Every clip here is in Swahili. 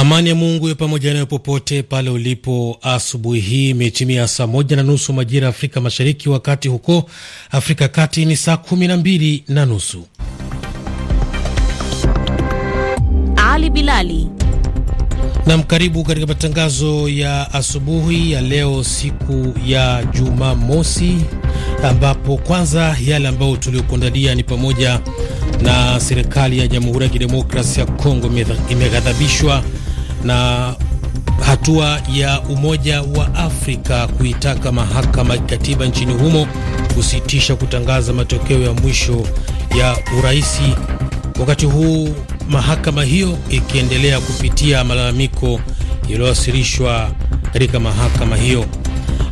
Amani ya Mungu iwe pamoja nayo popote pale ulipo. Asubuhi hii imetimia saa moja na nusu majira ya Afrika Mashariki, wakati huko Afrika ya Kati ni saa kumi na mbili na nusu. Ali Bilali nam, karibu katika matangazo ya asubuhi ya leo, siku ya Jumamosi, ambapo kwanza yale ambayo tuliokuandalia ni pamoja na serikali ya Jamhuri ya Kidemokrasia ya Kongo imeghadhabishwa na hatua ya Umoja wa Afrika kuitaka mahakama ya katiba nchini humo kusitisha kutangaza matokeo ya mwisho ya uraisi, wakati huu mahakama hiyo ikiendelea kupitia malalamiko yaliyowasilishwa katika mahakama hiyo.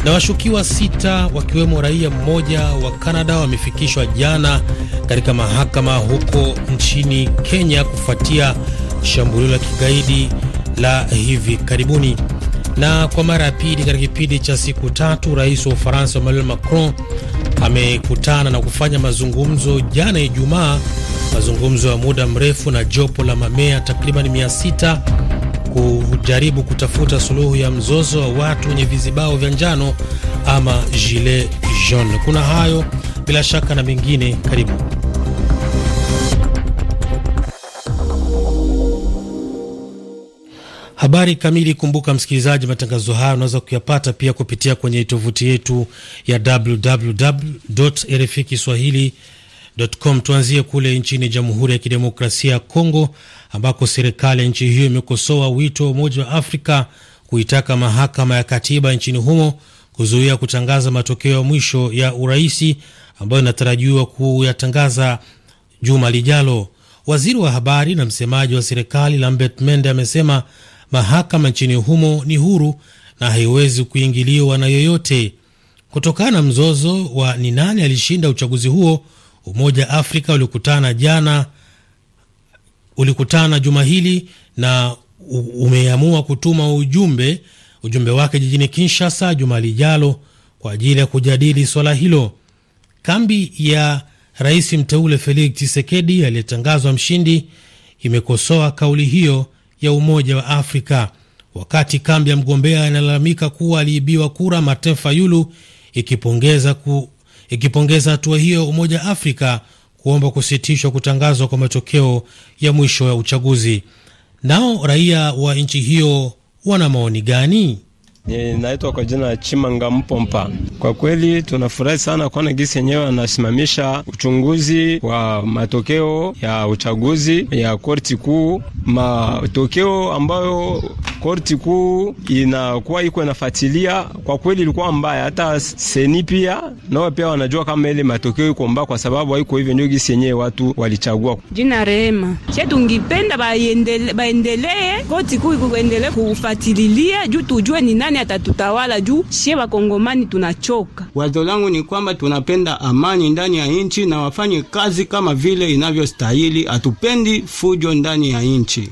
Na washukiwa sita wakiwemo raia mmoja wa Kanada wamefikishwa jana katika mahakama huko nchini Kenya kufuatia shambulio la kigaidi la hivi karibuni. Na kwa mara ya pili katika kipindi cha siku tatu, rais wa Ufaransa Emmanuel Macron amekutana na kufanya mazungumzo jana Ijumaa, mazungumzo ya muda mrefu na jopo la mamea takriban 600 kujaribu kutafuta suluhu ya mzozo wa watu wenye vizibao vya njano ama gilet jaune. Kuna hayo bila shaka na mengine, karibu Habari kamili. Kumbuka msikilizaji, matangazo haya unaweza kuyapata pia kupitia kwenye tovuti yetu ya www.rfikiswahili.com. Tuanzie kule nchini Jamhuri ya Kidemokrasia ya Kongo ambako serikali ya nchi hiyo imekosoa wito wa Umoja wa Afrika kuitaka mahakama ya katiba nchini humo kuzuia kutangaza matokeo ya mwisho ya uraisi ambayo inatarajiwa kuyatangaza juma lijalo. Waziri wa habari na msemaji wa serikali Lambert Mende amesema mahakama nchini humo ni huru na haiwezi kuingiliwa na yoyote. Kutokana na mzozo wa ni nani alishinda uchaguzi huo, Umoja wa Afrika ulikutana jana, ulikutana juma hili na umeamua kutuma ujumbe ujumbe wake jijini Kinshasa juma lijalo kwa ajili ya kujadili swala hilo. Kambi ya rais mteule Felix Tshisekedi aliyetangazwa mshindi imekosoa kauli hiyo ya Umoja wa Afrika, wakati kambi ya mgombea inalalamika kuwa aliibiwa kura Martin Fayulu ikipongeza ku, ikipongeza hatua hiyo Umoja wa Afrika kuomba kusitishwa kutangazwa kwa matokeo ya mwisho ya uchaguzi. Nao raia wa nchi hiyo wana maoni gani? Ninaitwa kwa jina Chimanga Mpompa. Kwa kweli tunafurahi sana kuona gisi yenyewe anasimamisha uchunguzi wa matokeo ya uchaguzi ya korti kuu, matokeo ambayo korti kuu inakuwa iko inafuatilia. Kwa kweli ilikuwa mbaya, hata seni pia nao pia wanajua kama ile matokeo iko mbaya, kwa sababu haiko hivyo, ndio gisi yenyewe watu walichagua. Jina Rehema chetu, ngipenda baendelee korti kuu ikuendelee kufuatilia juu tujue ni nani nani atatutawala juu sie wakongomani tunachoka. Wazo langu ni kwamba tunapenda amani ndani ya nchi na wafanye kazi kama vile inavyostahili, hatupendi fujo ndani ya nchi.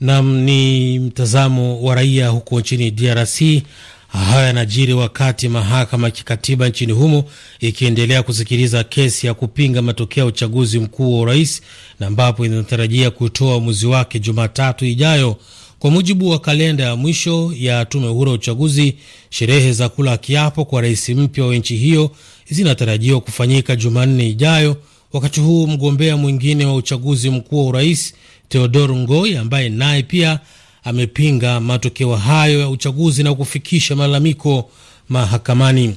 Nam ni mtazamo wa raia huko nchini DRC. Haya yanajiri wakati mahakama ya kikatiba nchini humo ikiendelea kusikiliza kesi ya kupinga matokeo ya uchaguzi mkuu wa urais na ambapo inatarajia kutoa uamuzi wake Jumatatu ijayo. Kwa mujibu wa kalenda ya mwisho ya tume huru ya uchaguzi, sherehe za kula kiapo kwa rais mpya wa nchi hiyo zinatarajiwa kufanyika Jumanne ijayo, wakati huu mgombea mwingine wa uchaguzi mkuu wa urais teodor Ngoi ambaye naye pia amepinga matokeo hayo ya uchaguzi na kufikisha malalamiko mahakamani.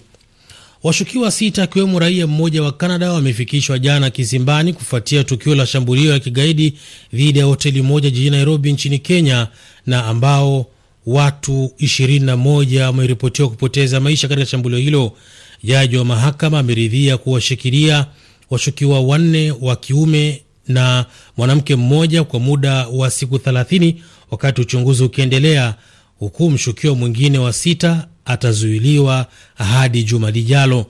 Washukiwa sita akiwemo raia mmoja wa Kanada wamefikishwa jana kizimbani kufuatia tukio la shambulio la kigaidi dhidi ya hoteli moja jijini Nairobi nchini Kenya na ambao watu 21 wameripotiwa kupoteza maisha katika shambulio hilo. Jaji wa mahakama ameridhia kuwashikilia washukiwa wanne wa kiume na mwanamke mmoja kwa muda wa siku 30 wakati uchunguzi ukiendelea, huku mshukiwa mwingine wa sita atazuiliwa hadi juma lijalo.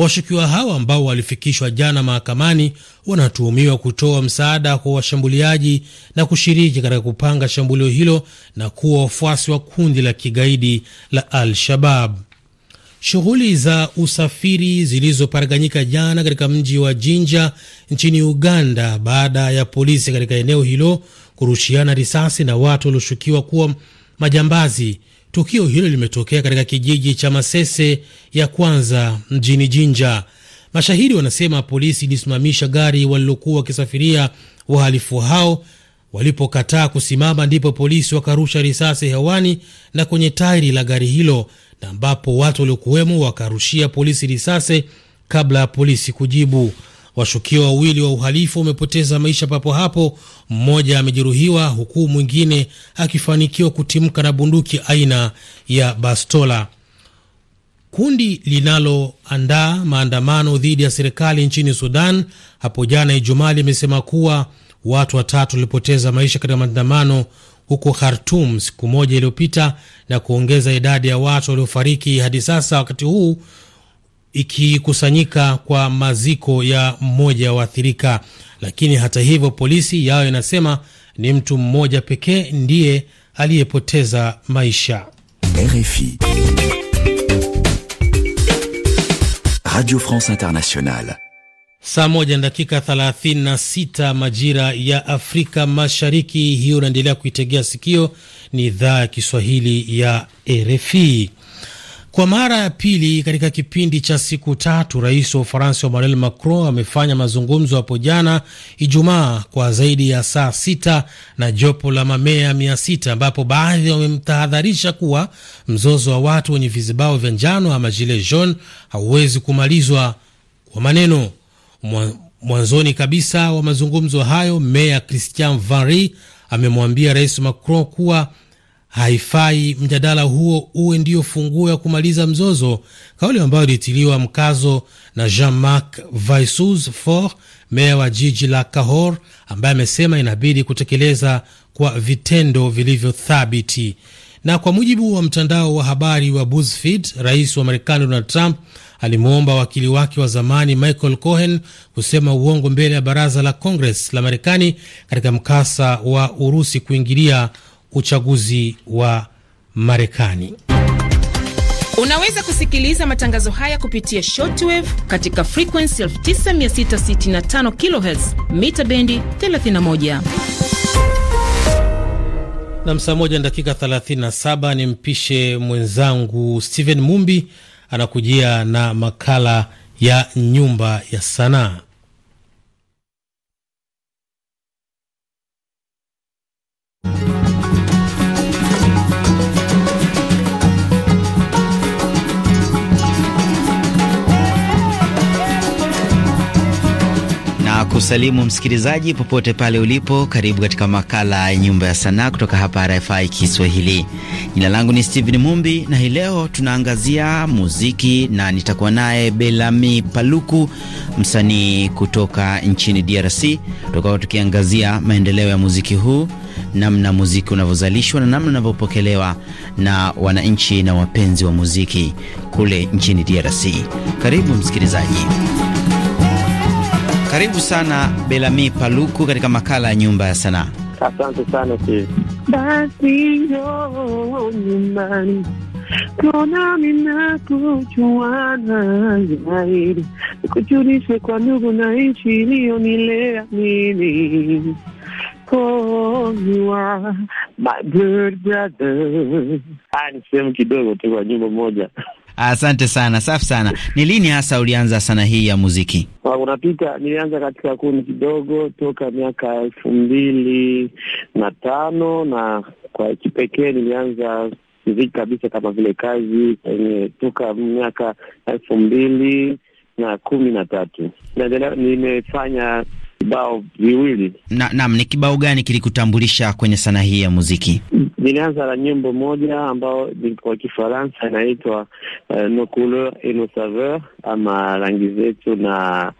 Washukiwa hawa ambao walifikishwa jana mahakamani wanatuhumiwa kutoa msaada kwa washambuliaji na kushiriki katika kupanga shambulio hilo na kuwa wafuasi wa kundi la kigaidi la Al-Shabab. Shughuli za usafiri zilizoparaganyika jana katika mji wa Jinja nchini Uganda baada ya polisi katika eneo hilo kurushiana risasi na watu walioshukiwa kuwa majambazi Tukio hilo limetokea katika kijiji cha Masese ya kwanza mjini Jinja. Mashahidi wanasema polisi ilisimamisha gari walilokuwa wakisafiria wahalifu hao. Walipokataa kusimama, ndipo polisi wakarusha risasi hewani na kwenye tairi la gari hilo, na ambapo watu waliokuwemo wakarushia polisi risasi kabla ya polisi kujibu. Washukiwa wawili wa uhalifu wamepoteza maisha papo hapo, mmoja amejeruhiwa, huku mwingine akifanikiwa kutimka na bunduki aina ya bastola. Kundi linaloandaa maandamano dhidi ya serikali nchini Sudan hapo jana Ijumaa limesema kuwa watu watatu walipoteza maisha katika maandamano huko Khartum siku moja iliyopita na kuongeza idadi ya watu waliofariki hadi sasa, wakati huu ikikusanyika kwa maziko ya mmoja waathirika, lakini hata hivyo polisi yao inasema ni mtu mmoja pekee ndiye aliyepoteza maisha. RFI Radio France Internationale. Saa moja na dakika 36 majira ya Afrika Mashariki. Hiyo unaendelea kuitegea sikio, ni idhaa ya Kiswahili ya RFI. Kwa mara ya pili katika kipindi cha siku tatu, rais wa Ufaransa Emmanuel Macron amefanya mazungumzo hapo jana Ijumaa kwa zaidi ya saa sita na jopo la mamea mia sita ambapo baadhi wamemtahadharisha kuwa mzozo wa watu wenye vizibao vya njano ama gilet jaune hauwezi kumalizwa kwa maneno. Mwanzoni kabisa wa mazungumzo hayo, meya Christian Vanry amemwambia rais Macron kuwa haifai mjadala huo uwe ndiyo funguo ya kumaliza mzozo, kauli ambayo ilitiliwa mkazo na Jean-Marc Vaisseaux for meya wa jiji la cahor ambaye amesema inabidi kutekeleza kwa vitendo vilivyothabiti. Na kwa mujibu wa mtandao wa habari wa BuzzFeed, rais wa Marekani Donald Trump alimwomba wakili wake wa zamani Michael Cohen kusema uongo mbele ya baraza la Congress la Marekani katika mkasa wa Urusi kuingilia uchaguzi wa Marekani. Unaweza kusikiliza matangazo haya kupitia shortwave katika frequency 9665 kHz mita bendi 31 na saa moja na dakika 37. Ni mpishe mwenzangu Steven Mumbi anakujia na makala ya nyumba ya sanaa. kusalimu msikilizaji popote pale ulipo. Karibu katika makala ya Nyumba ya Sanaa kutoka hapa RFI Kiswahili. Jina langu ni Steven Mumbi na hii leo tunaangazia muziki na nitakuwa naye Belami Paluku, msanii kutoka nchini DRC. Tutakuwa tukiangazia maendeleo ya muziki huu, namna muziki unavyozalishwa na namna unavyopokelewa na wananchi na wapenzi wa muziki kule nchini DRC. Karibu msikilizaji. Karibu sana Belami Paluku katika makala ya Nyumba ya Sanaa. Asante sana Basi yo nyumbani konami nakuchuana zaidi nikujulishe kwa ndugu na nchi iliyonilea mimi my blood brother. Haya, ni sehemu kidogo tu kwa moja Asante sana, safi sana. Ni lini hasa ulianza sana hii ya muziki? Unapita, nilianza katika kundi kidogo toka miaka elfu mbili na tano na kwa kipekee nilianza muziki kabisa kama vile kazi enye toka miaka elfu mbili na kumi na tatu. Naendelea, nimefanya vibao viwili. Naam, ni kibao gani kilikutambulisha kwenye sanaa hii ya muziki? Nilianza na nyimbo moja ambao kwa Kifaransa inaitwa uh, Nos couleurs et nos saveurs, ama rangi zetu na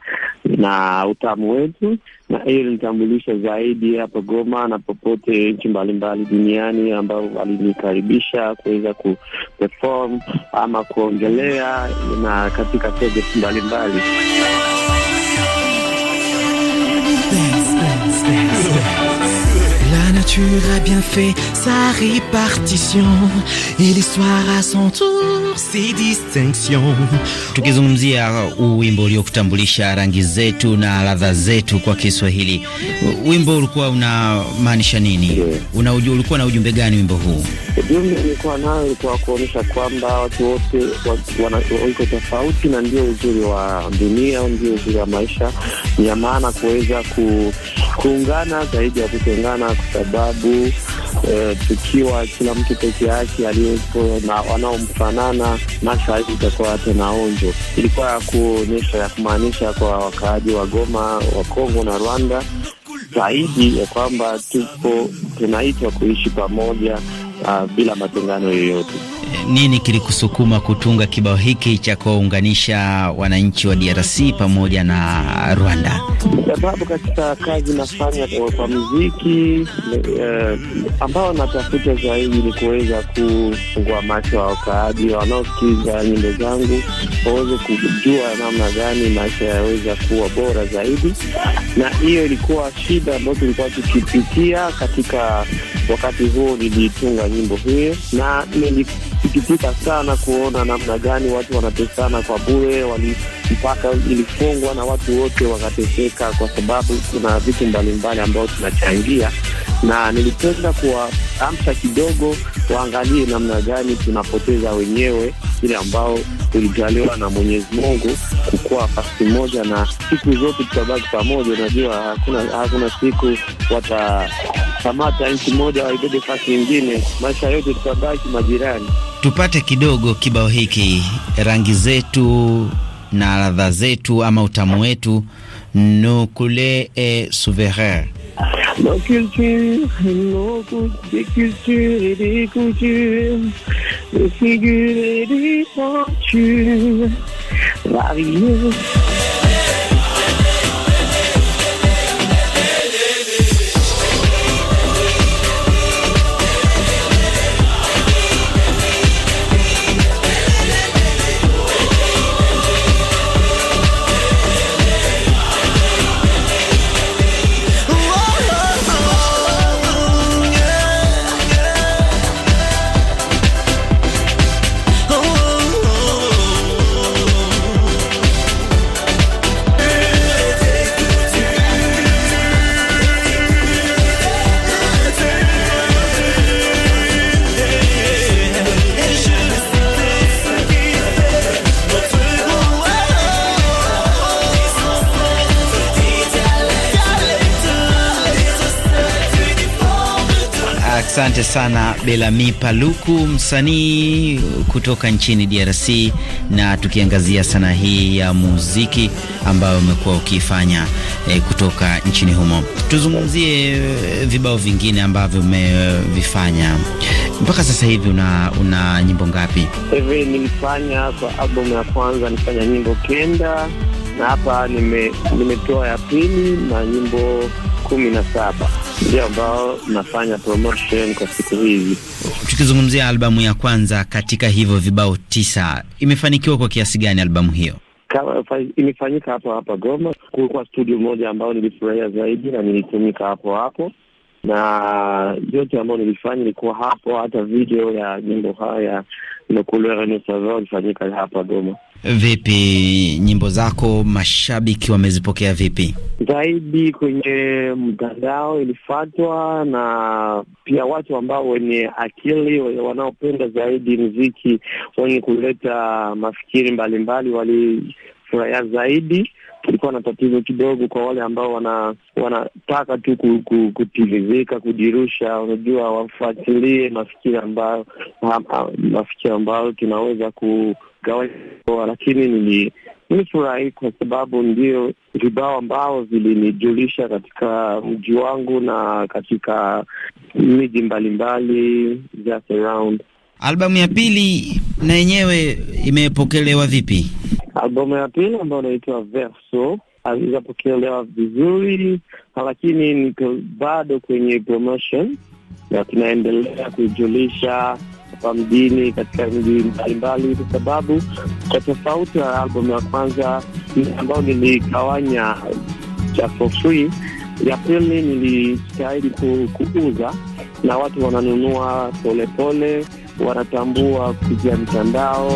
na utamu wetu, na hiyo ilinitambulisha zaidi hapa Goma na popote nchi mbalimbali duniani ambao walinikaribisha kuweza ku perform ama kuongelea na katika stages mbalimbali. Tu a bien fait sa répartition et l'histoire à son tour ses distinctions. Tukizungumzia wimbo uliokutambulisha rangi zetu na ladha zetu kwa Kiswahili, wimbo ulikuwa unamaanisha nini? Una uju, ulikuwa na ujumbe gani wimbo huu? Ujumbe nilikuwa nayo ulikuwa kuonyesha kwamba watu wote wiko tofauti, na ndio uzuri wa dunia, ndio uzuri wa maisha, ya maana kuweza ku, kuungana zaidi ya kutengana kwa sababu sababu eh, tukiwa kila mtu peke yake aliyepo na wanaomfanana, nasha itakuwa tena onjo. Ilikuwa ya kuonyesha ya kumaanisha kwa wakaaji wa Goma wa Kongo na Rwanda zaidi ya kwamba tupo tunaitwa kuishi pamoja uh, bila matengano yoyote nini kilikusukuma kutunga kibao hiki cha kuwaunganisha wananchi wa DRC pamoja na Rwanda? Sababu katika kazi nafanya kwa muziki eh, ambao natafuta zaidi ni kuweza kufungua macho wa wakaaji wanaosikiza nyimbo zangu waweze kujua namna gani maisha yaweza kuwa bora zaidi, na hiyo ilikuwa shida ambayo tulikuwa tukipitia katika wakati huo nilitunga nyimbo hiyo na nili nilisikitika sana kuona namna gani watu wanatesana kwa bure, mpaka ilifungwa na watu wote wakateseka, kwa sababu kuna vitu mbalimbali ambayo tunachangia, na nilipenda kuwaamsha kidogo, waangalie namna gani tunapoteza wenyewe ile ambao tulijaliwa na Mwenyezi Mungu kukuwa fasi moja, na siku zote tutabaki pamoja. Unajua, hakuna hakuna siku watakamata nchi moja waibebe fasi nyingine. Maisha yote tutabaki majirani tupate kidogo kibao hiki, rangi zetu na ladha zetu ama utamu wetu, nukule e souverain sana Belami Paluku, msanii kutoka nchini DRC, na tukiangazia sanaa hii ya muziki ambayo umekuwa ukiifanya e, eh, kutoka nchini humo. Tuzungumzie eh, vibao vingine ambavyo umevifanya mpaka sasa hivi. Una, una nyimbo ngapi hivi? Nilifanya kwa albamu ya kwanza nilifanya nyimbo kenda na hapa nimetoa nime ya pili na nyimbo kumi na saba ndio ambao nafanya promotion kwa siku hizi. Tukizungumzia albamu ya kwanza katika hivyo vibao tisa, imefanikiwa kwa kiasi gani albamu hiyo? Kama imefanyika hapo hapa Goma, kulikuwa studio moja ambayo nilifurahia zaidi na nilitumika hapo hapo na yote ambayo nilifanya ilikuwa hapo. Hata video ya nyimbo haya Nokulwerenosava ilifanyika hapa Goma. Vipi nyimbo zako mashabiki wamezipokea vipi? Zaidi kwenye mtandao ilifatwa, na pia watu ambao wenye akili wanaopenda zaidi mziki wenye kuleta mafikiri mbalimbali walifurahia zaidi kulikuwa na tatizo kidogo kwa wale ambao wana wanataka tu ku, ku, kutivizika kujirusha. Unajua, wafuatilie mafikiri ambayo mafikiri ambayo tunaweza kugawanya, lakini nili nilifurahi kwa sababu ndio vibao ambao vilinijulisha katika mji wangu na katika miji mbalimbali just around. Albamu ya pili na yenyewe imepokelewa vipi? Albamu ya pili ambayo inaitwa Verso alizapokelewa vizuri, lakini niko bado kwenye promotion na tunaendelea kujulisha hapa mjini katika mji mbalimbali, kwa sababu kwa tofauti ya albamu ya kwanza ambayo niligawanya cha for free, ya pili nilistahidi ku, kuuza na watu wananunua polepole, wanatambua kupitia mitandao.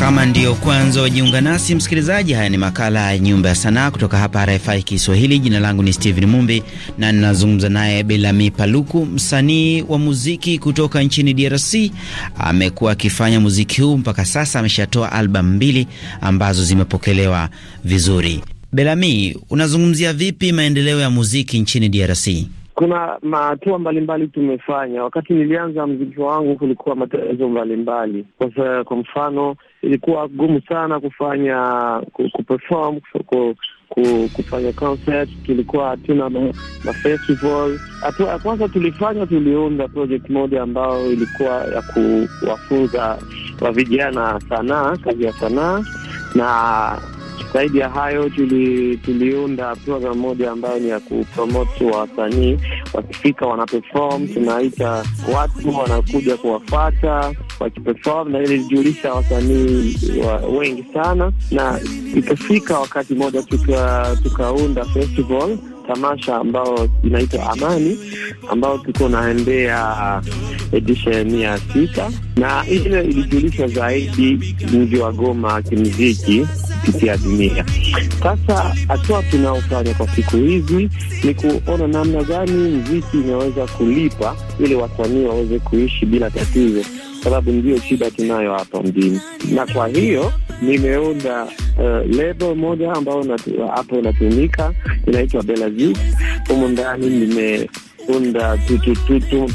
Kama ndiyo kwanza wajiunga nasi msikilizaji, haya ni makala ya Nyumba ya Sanaa kutoka hapa RFI Kiswahili. Jina langu ni Steven Mumbi na ninazungumza naye Belami Paluku, msanii wa muziki kutoka nchini DRC. Amekuwa akifanya muziki huu mpaka sasa, ameshatoa albamu mbili ambazo zimepokelewa vizuri. Belami, unazungumzia vipi maendeleo ya muziki nchini DRC? Kuna hatua mbalimbali tumefanya. Wakati nilianza mziki wangu kulikuwa matatizo mbalimbali kwa, kwa mfano ilikuwa gumu sana kufanya kuperform kufanya concert, tulikuwa hatuna na festival. Hatua ya kwanza tulifanya, tuliunda project moja ambayo ilikuwa ya kuwafunza wa vijana sanaa, kazi ya sanaa na zaidi ya hayo, tuli, tuliunda program moja ambayo ni ya kupromote wasanii wakifika, wanaperform tunaita watu wanakuja kuwafata wakiperform, na ili lijulisha wasanii wa, wengi sana, na ikafika wakati moja tukaunda tuka festival tamasha ambao inaitwa Amani ambao tuko naendea edition ya sita, na ile ilijulisha zaidi mji wa Goma kimuziki dunia Sasa hatua tunaofanya kwa siku hizi ni kuona namna gani mziki inaweza kulipa ili wasanii waweze kuishi bila tatizo, sababu ndiyo shida tunayo hapa mjini, na kwa hiyo nimeunda uh, eh, lebo moja ambayo hapo inatumika inaitwa Belazi. Humu ndani nime tunaunda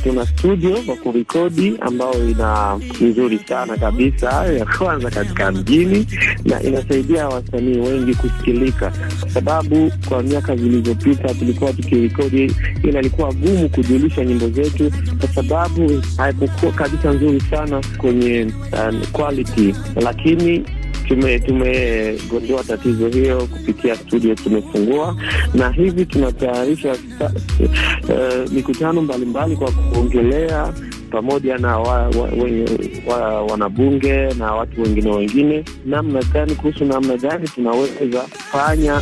tuna studio wa kurekodi ambayo ina nzuri sana kabisa, ya kwanza katika mjini, na inasaidia wasanii wengi kusikilika, kwa sababu kwa miaka zilizopita tulikuwa tukirekodi, ila ilikuwa gumu kujulisha nyimbo zetu, kwa sababu haikukuwa kabisa nzuri sana kwenye um, quality, lakini tumegondoa tatizo hiyo kupitia studio tumefungua, na hivi tunatayarisha uh, mikutano mbalimbali kwa kuongelea pamoja na wa, wa, wa, wanabunge na watu wengine wengine, namna gani kuhusu namna gani tunaweza fanya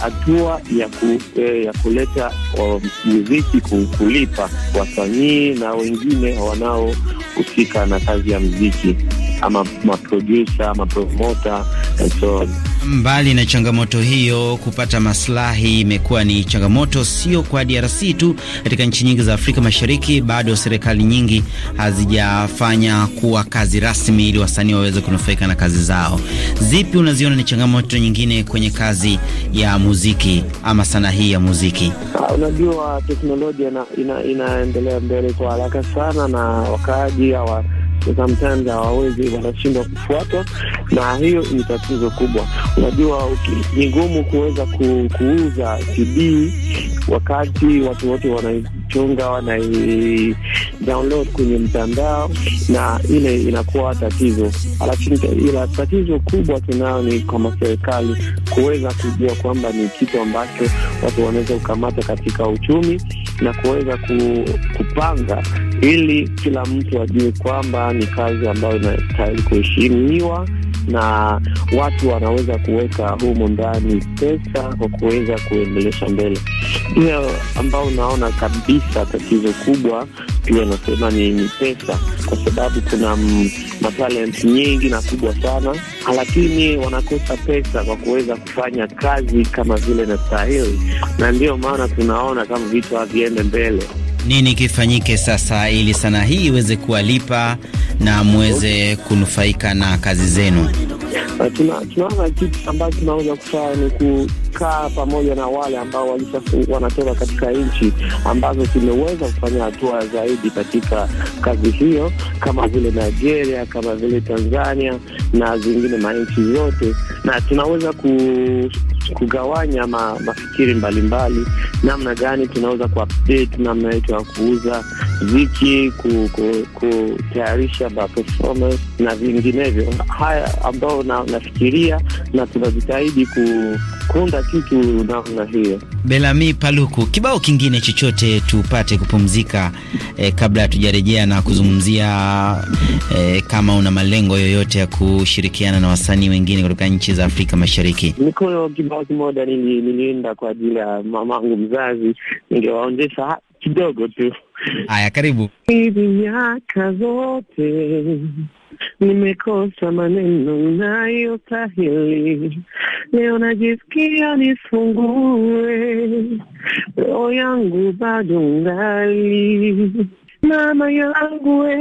hatua ya, ku, eh, ya kuleta um, muziki kulipa wasanii na wengine wanaohusika na kazi ya muziki ama maprodusa ama promota and so on. Mbali na changamoto hiyo, kupata maslahi imekuwa ni changamoto sio kwa DRC tu. Katika nchi nyingi za Afrika Mashariki bado serikali nyingi hazijafanya kuwa kazi rasmi ili wasanii waweze kunufaika na kazi zao. Zipi unaziona ni changamoto nyingine kwenye kazi ya muziki ama sanaa hii ya muziki? Ah, unajua teknolojia ina, ina, inaendelea mbele kwa haraka sana na wakaaji hawa sometimes hawawezi, wanashindwa kufuatwa, na hiyo ni tatizo kubwa. Unajua, ni ngumu kuweza kuuza CD wakati watu wote wana wanaichunga, wanai kwenye mtandao, na ile inakuwa tatizo. Lakini ila tatizo kubwa tunayo ni kama serikali kuweza kujua kwamba ni kitu ambacho watu wanaweza kukamata katika uchumi na kuweza ku, kupanga ili kila mtu ajue kwamba ni kazi ambayo inastahili kuheshimiwa na watu wanaweza kuweka humo ndani pesa kwa kuweza kuendelesha mbele. Pia ambao unaona kabisa tatizo kubwa pia nasema ni, ni pesa, kwa sababu kuna mm, matalent nyingi na kubwa sana, lakini wanakosa pesa kwa kuweza kufanya kazi kama vile na stahili, na ndiyo maana tunaona kama vitu haviende mbele. Nini kifanyike sasa ili sanaa hii iweze kuwalipa na mweze kunufaika na kazi zenu? Eh, tunaona kitu ambacho tunaweza kufanya ni kukaa pamoja na wale ambao wanatoka katika nchi ambazo zimeweza kufanya hatua zaidi katika kazi hiyo, kama vile Nigeria, kama vile Tanzania na zingine manchi zote, na tunaweza ku kugawanya ma, mafikiri mbalimbali, namna gani tunaweza kuupdate namna yetu ya kuuza ziki, kutayarisha ku, ku, performance na vinginevyo, haya ambayo nafikiria na tunajitahidi ku kuunda kitu namna hiyo. Belami Paluku, kibao kingine chochote tupate kupumzika eh, kabla hatujarejea na kuzungumzia eh, kama una malengo yoyote ya kushirikiana na wasanii wengine kutoka nchi za Afrika Mashariki. Niko kibao kimoja nilienda kwa ajili ya mamangu mzazi, ningewaonjesha kidogo tu. Haya, karibu. Hizi miaka zote nimekosa maneno nayostahili leo, najisikia nifungue roho yangu, bado ngali mama yangu we,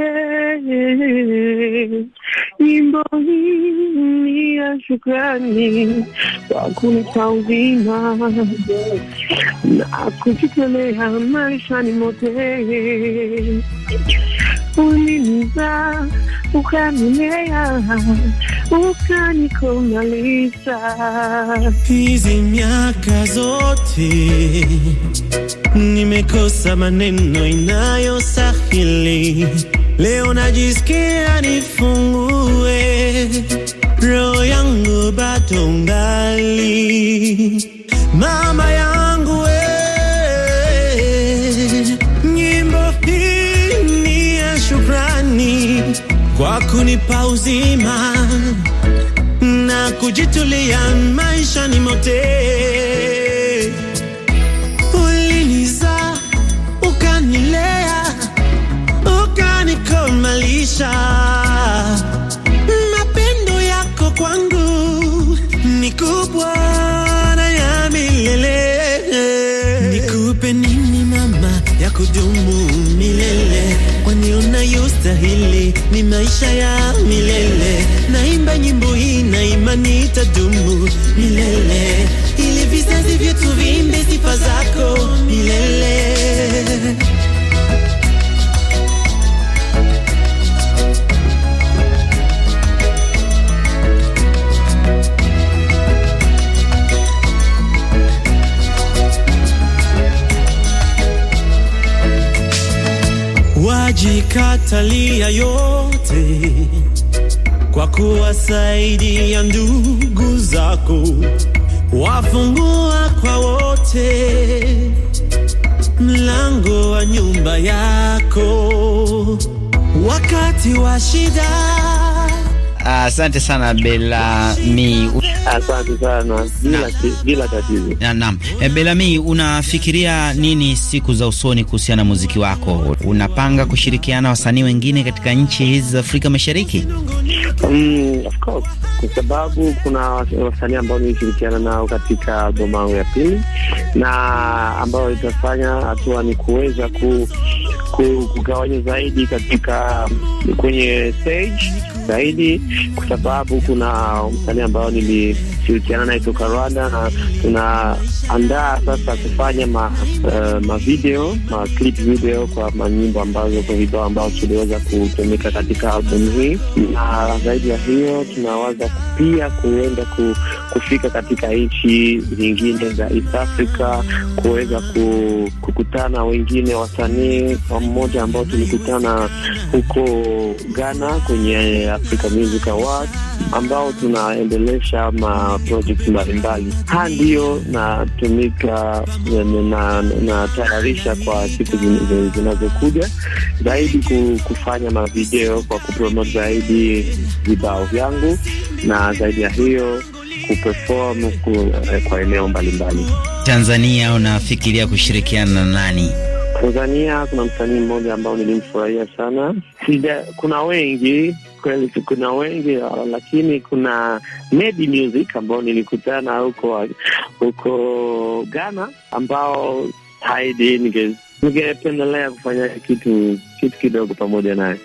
nyimbo hii ya shukrani kwa kunipa uzima na kujitolea maishani mote ulinizaa, ukanilea, ukanikomalisha. Hizi miaka zote nimekosa maneno Leo najisikia nifungue roho yangu, bado mama yangu kunipa uzima na kujitulia ni mote. uliniza ukanilea, ukanikomalisha. Mapendo yako kwangu ni kubwa na ya milele. Nikupe nini mama ya kudumu milele, kwani unayostahili ni maisha ya milele. Naimba nyimbo hii na imani itadumu milele, ili vizazi vyetu viimbe sifa zako. nitalia yote kwa kuwasaidia ndugu zako, wafungua kwa wote mlango wa nyumba yako wakati wa shida. Asante uh, sana Bela mi Asante sana, bila tatizo. Naam, e, eh, Belami, unafikiria nini siku za usoni kuhusiana na muziki wako? Unapanga kushirikiana wasanii wengine katika nchi hizi za Afrika Mashariki? Mm, of course kwa sababu kuna wasanii ambao nilishirikiana nao katika albamu yangu ya pili na ambayo itafanya hatua ni kuweza ku, ku, kugawanya zaidi katika kwenye stage zaidi, kwa sababu kuna msanii ambao nilishirikiana naye toka Rwanda na tunaandaa sasa kufanya ma, uh, ma video ma clip video kwa manyimbo ambazo kwa vibao ambao tuliweza kutumika katika albamu hii, na zaidi ya hiyo tunawaza pia kuenda ku, kufika katika nchi zingine za East Africa kuweza ku, kukutana wengine wasanii mmoja ambao tulikutana huko Ghana kwenye Africa Music Awards ambao tunaendelesha ma project mbalimbali. Haya ndiyo natumika natayarisha na, na kwa siku zinazokuja zaidi kufanya mavideo kwa kupromote zaidi vibao vyangu na zaidi ya hiyo kuperform eh, kwa eneo mbalimbali. Tanzania unafikiria kushirikiana na nani? Tanzania kuna msanii mmoja ambao nilimfurahia sana. Sida, kuna wengi kweli, kuna wengi ah, lakini kuna Medi Music ambao nilikutana huko ah, huko Ghana, ambao Haidi ningependelea kufanya kitu kitu kidogo pamoja naye,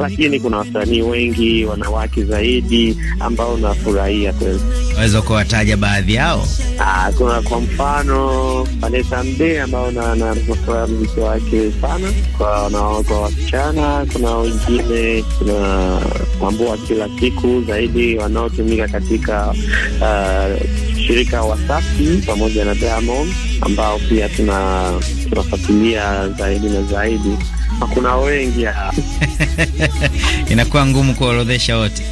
lakini kuna wasanii wengi wanawake zaidi ambao nafurahia kweli. Unaweza kuwataja baadhi yao? Ah, kuna kwa mfano Vanessa Mdee ambao nafurahia mziki wake sana kwa wanawake, wasichana. Kuna wengine, kuna mambo wa kila siku zaidi wanaotumika katika uh, shirika Wasafi pamoja na Diamond ambao pia tunafuatilia zaidi na zaidi. Kuna wengi inakuwa ngumu kuorodhesha wote.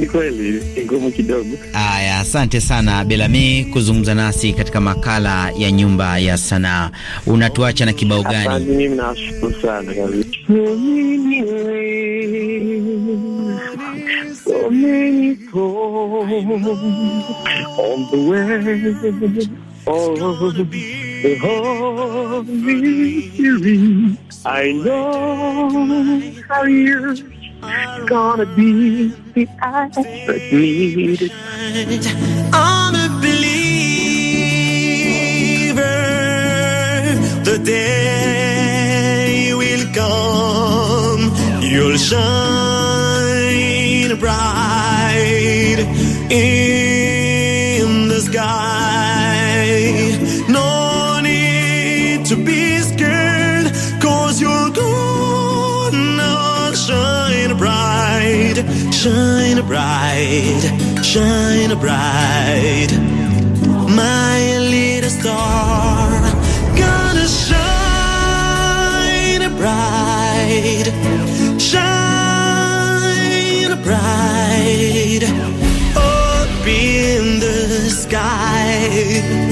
Ni kweli ngumu kidogo. Haya, asante sana Belami kuzungumza nasi katika makala ya nyumba ya sanaa. Unatuacha na kibao gani? Mimi sana Oh, the Holy Spirit, I know how you're gonna be the answer needed. I'm a believer. The day will come, you'll shine bright. In Shine a bright, shine a bright, my little star. Gonna shine a bright, shine a bright, up in the sky.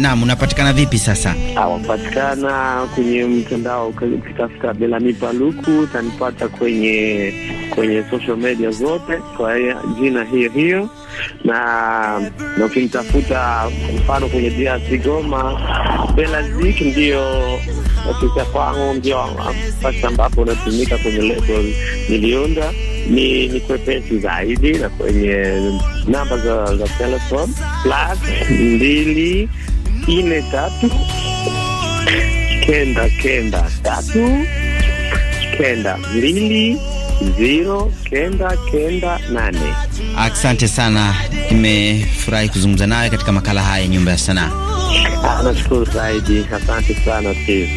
naam, unapatikana vipi sasa? Unapatikana ah, kwenye mtandao, ukitafuta Belanipa Luku utanipata kwenye kwenye social media zote kwa jina hiyo hiyo, na na ukinitafuta mfano kwenye DRC Goma, Belazik ndio ofisa kwangu, ndio nafasi ambapo unatumika kwenye label niliunda ni ni kwepesi zaidi, na kwenye namba za za telefoni plus mbili ine tatu kenda kenda tatu kenda mbili zero kenda kenda nane. Asante sana, nimefurahi kuzungumza nawe katika makala haya ya nyumba ya sanaa. Ah, nashukuru zaidi, asante sana Steve.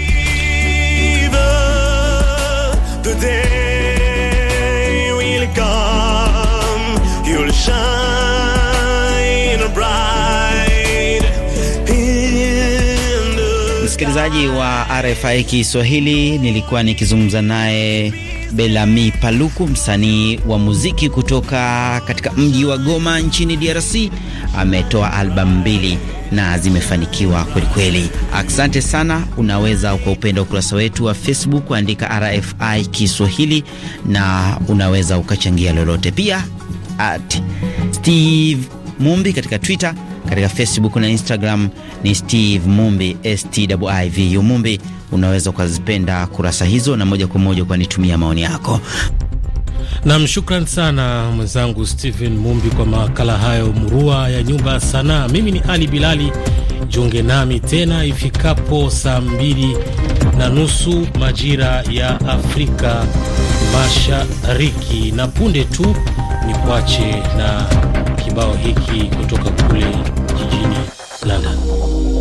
msikilizaji wa RFI Kiswahili. Nilikuwa nikizungumza naye Belami Paluku, msanii wa muziki kutoka katika mji wa Goma nchini DRC. Ametoa albamu mbili na zimefanikiwa kwelikweli. Asante sana. Unaweza kwa upenda ukurasa wetu wa Facebook kuandika RFI Kiswahili na unaweza ukachangia lolote pia, at Steve Mumbi katika Twitter katika Facebook na Instagram ni Steve Mumbi Stwivu Mumbi. Unaweza ukazipenda kurasa hizo na moja kwa moja ukanitumia maoni yako. Nam, shukran sana mwenzangu Stephen Mumbi kwa makala hayo murua ya nyumba ya sanaa. Mimi ni Ali Bilali, jiunge nami tena ifikapo saa mbili na nusu majira ya Afrika Mashariki, na punde tu ni kwache na kibao hiki kutoka kule jijini London.